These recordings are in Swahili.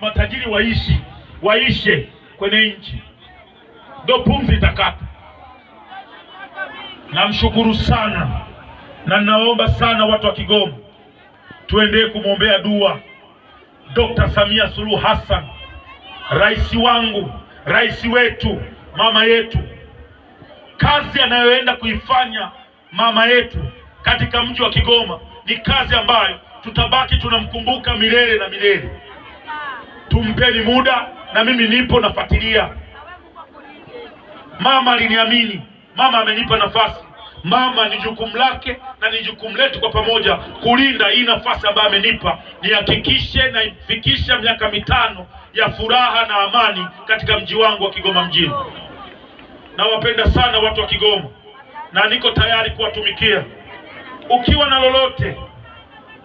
matajiri waishi waishe kwenye nchi, ndo pumzi itakata. Namshukuru sana na naomba sana watu wa Kigoma tuendelee kumwombea dua Dr. Samia Suluhu Hassan, rais wangu, rais wetu, mama yetu. Kazi anayoenda kuifanya mama yetu katika mji wa Kigoma ni kazi ambayo tutabaki tunamkumbuka milele na milele tumpeni muda, na mimi nipo nafuatilia. Mama aliniamini, mama amenipa nafasi. Mama ni jukumu lake na ni jukumu letu kwa pamoja kulinda hii nafasi ambayo amenipa, nihakikishe naifikisha miaka mitano ya furaha na amani katika mji wangu wa Kigoma mjini. Nawapenda sana watu wa Kigoma na niko tayari kuwatumikia. Ukiwa na lolote,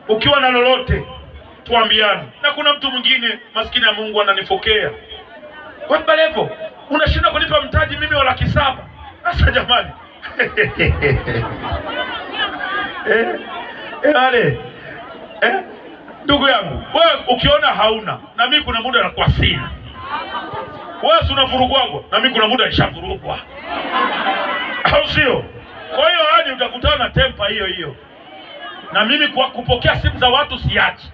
ukiwa na lolote tuambiane. Na kuna mtu mwingine maskini ya Mungu ananifokea kwamba levo unashindwa kulipa mtaji mimi wa laki saba. Sasa jamani eh, eh, ale eh, ndugu yangu wewe, ukiona hauna na mimi kuna muda nakuwa sina wewe, si unavurugwagwa na mimi kuna muda nishavurugwa, au sio? Kwa hiyo hadi utakutana na tempa hiyo hiyo, na mimi kwa kupokea simu za watu siachi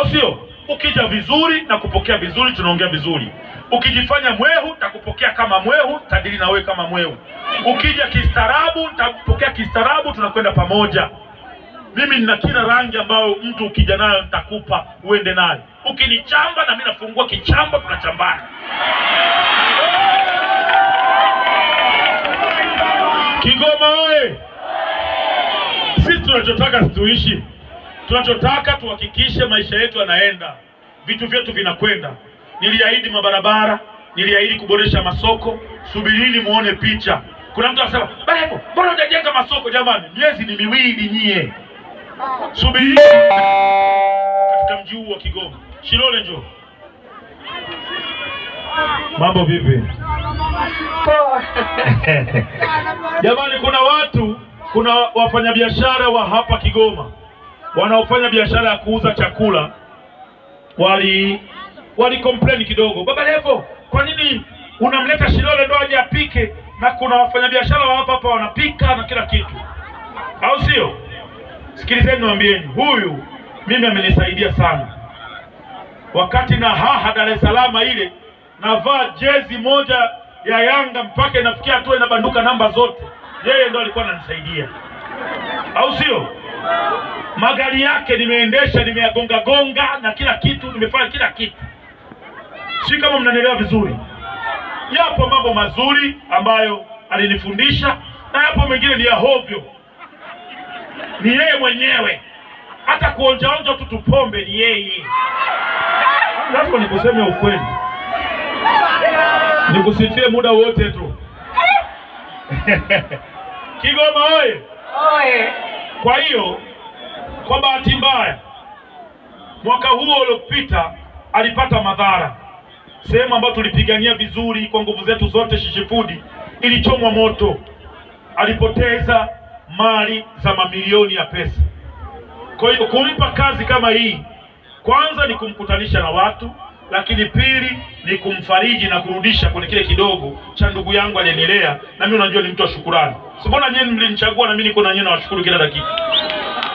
au sio? Ukija vizuri na kupokea vizuri, tunaongea vizuri. Ukijifanya mwehu, takupokea kama mwehu, tadili na wewe kama mwehu. Ukija kistaarabu, nitakupokea kistaarabu, tunakwenda pamoja. Mimi nina kila rangi ambayo mtu ukija nayo nitakupa uende nayo. Ukinichamba na mimi nafungua kichamba, tunachambana. Kigoma oye! Sisi tunachotaka situishi Tunachotaka tuhakikishe maisha yetu yanaenda, vitu vyetu vinakwenda. Niliahidi mabarabara, niliahidi kuboresha masoko. Subirini muone picha. Kuna mtu anasema Baebo, mbona hujajenga masoko? Jamani, miezi ni miwili nyie, subirini katika mji huu wa Kigoma. Shilole, njoo. Mambo vipi? Jamani, kuna watu, kuna wafanyabiashara wa hapa Kigoma wanaofanya biashara ya kuuza chakula wali wali complain kidogo, Baba Levo, kwa nini unamleta Shilole ndo aje apike, na kuna wafanyabiashara wa hapa hapa wanapika na kila kitu, au sio? Sikilizeni niwaambieni, huyu mimi amenisaidia sana wakati na haha Dar es Salaam ile, navaa jezi moja ya Yanga mpaka inafikia hatua inabanduka namba zote, yeye ndo alikuwa ananisaidia, au sio? magari yake nimeendesha, nimeyagonga gonga na kila kitu, nimefanya kila kitu, si kama mnanielewa vizuri. Yapo mambo mazuri ambayo alinifundisha na yapo mengine ni ya hovyo, ni yeye mwenyewe. Hata kuonjaonja tu tupombe ni yeye. Lazima nikuseme ukweli, nikusifie muda wote tu Kigoma oye! Oye! Kwa hiyo kwa bahati mbaya, mwaka huo uliopita alipata madhara. Sehemu ambayo tulipigania vizuri kwa nguvu zetu zote, Shishifudi ilichomwa moto, alipoteza mali za mamilioni ya pesa. Kwa hiyo kumpa kazi kama hii, kwanza ni kumkutanisha na watu, lakini pili ni kumfariji na kurudisha kwenye kile kidogo cha ndugu yangu aliyenilea, na mimi unajua ni mtu wa shukurani. Si nyinyi mlinichagua na mimi niko na nyinyi nawashukuru kila dakika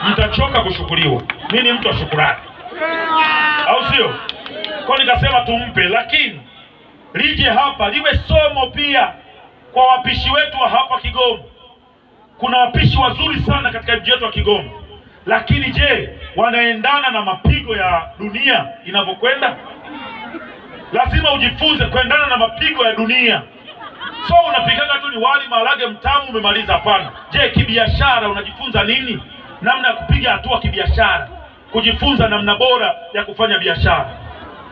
mtachoka kushukuriwa. Mimi ni mtu wa shukurani, au sio? Kwa nikasema tumpe, lakini lije hapa liwe somo pia kwa wapishi wetu wa hapa Kigoma. Kuna wapishi wazuri sana katika mji wetu wa Kigoma, lakini je, wanaendana na mapigo ya dunia inavyokwenda? Lazima ujifunze kuendana na mapigo ya dunia. So unapikaga tu ni wali, maharage, mtamu, umemaliza? Hapana. Je, kibiashara unajifunza nini? namna ya kupiga hatua kibiashara, kujifunza namna bora ya kufanya biashara.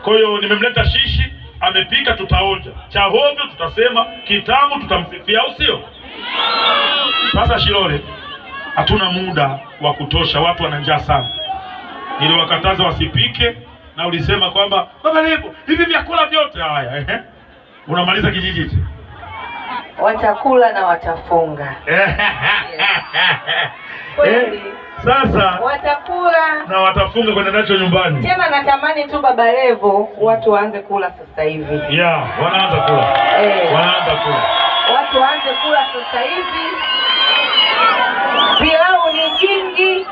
Kwa hiyo nimemleta Shishi, amepika, tutaonja. Cha hovyo tutasema, kitamu tutamsifia, au sio? Sasa Shilole, hatuna muda wa kutosha, watu wana njaa sana. Niliwakataza wasipike, na ulisema kwamba baba lebo hivi vyakula vyote haya ehe, unamaliza kijiji watakula na watafunga kweli eh, sasa watakula na watafunga kwenda nacho nyumbani. Tena natamani tu Baba Levo watu waanze kula sasa hivi. Yeah, wanaanza kula eh, wanaanza kula, watu waanze kula sasa hivi. Pilau ni jingi,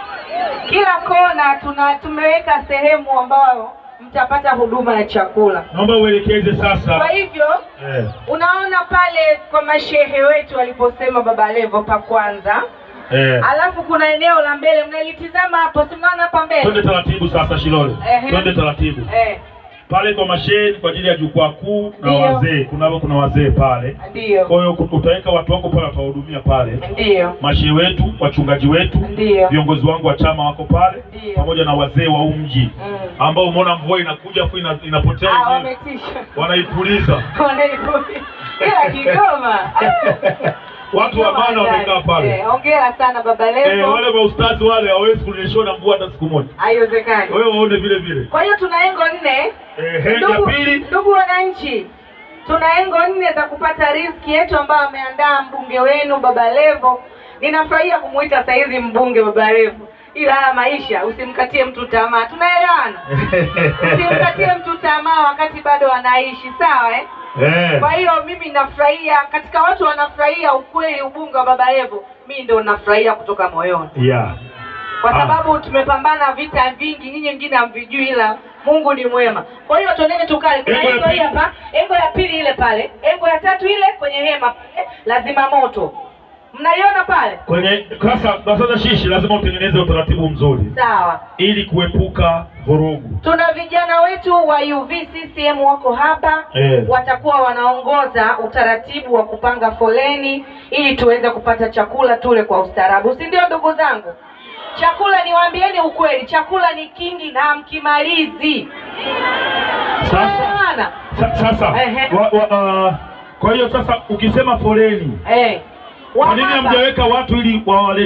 kila kona tuna tumeweka sehemu ambayo mtapata huduma ya chakula. Naomba uelekeze sasa. Kwa hivyo eh, unaona pale kwa mashehe wetu waliposema Baba Levo pa kwanza eh. Alafu kuna eneo la mbele mnalitizama hapo, tunaona hapa mbele. Twende taratibu sasa Shilole, twende taratibu eh. Pale kwa masheni kwa ajili ya jukwaa kuu na wazee, kunao kuna wazee pale. Kwa hiyo utaweka watu wako pale, watahudumia pale. Ndio. Mashehe wetu, wachungaji wetu, viongozi wangu wa chama wako pale, pamoja na wazee wa umji mm. ambao umeona mvua inakuja afu ina, inapotea ah, wenyewe, wanaipuliza wanaipuliza Kila Kigoma watu wa maana wamekaa pale. Hongera eh, sana baba leo. Eh, wale maustazi wale hawezi na nguo hata siku moja. Haiwezekani. Wewe waone vile vile. Kwa hiyo tuna engo nne. Eh, ya pili. Ndugu wananchi, tuna engo nne za kupata riziki yetu ambayo ameandaa mbunge wenu Baba Levo. Ninafurahia kumuita saizi mbunge Baba Levo ila haya maisha usimkatie mtu tamaa, tunaelewana? usimkatie mtu tamaa wakati bado anaishi, sawa eh? Yeah. Kwa hiyo mimi nafurahia katika watu wanafurahia ukweli ubunge wa Baba Levo, mimi ndio nafurahia kutoka moyoni yeah. Kwa ah. sababu ah, tumepambana vita vingi, nyinyi wengine hamvijui, ila Mungu ni mwema. Kwa hiyo twendeni tukale. Kuna engo hapa, engo ya pili ile pale, engo ya tatu ile kwenye hema, eh, lazima moto mnaiona pale kwenye sasa. kasa shishi, lazima utengeneze utaratibu mzuri sawa, ili kuepuka vurugu. Tuna vijana wetu wa UVCCM wako hapa eh, watakuwa wanaongoza utaratibu wa kupanga foleni ili tuweze kupata chakula tule kwa ustaarabu, si ndio ndugu zangu? Chakula niwaambieni ukweli, chakula ni kingi na mkimalizi Sasa, sasa, uh, kwa hiyo sasa ukisema foleni eh kwa nini hamjaweka watu ili wawale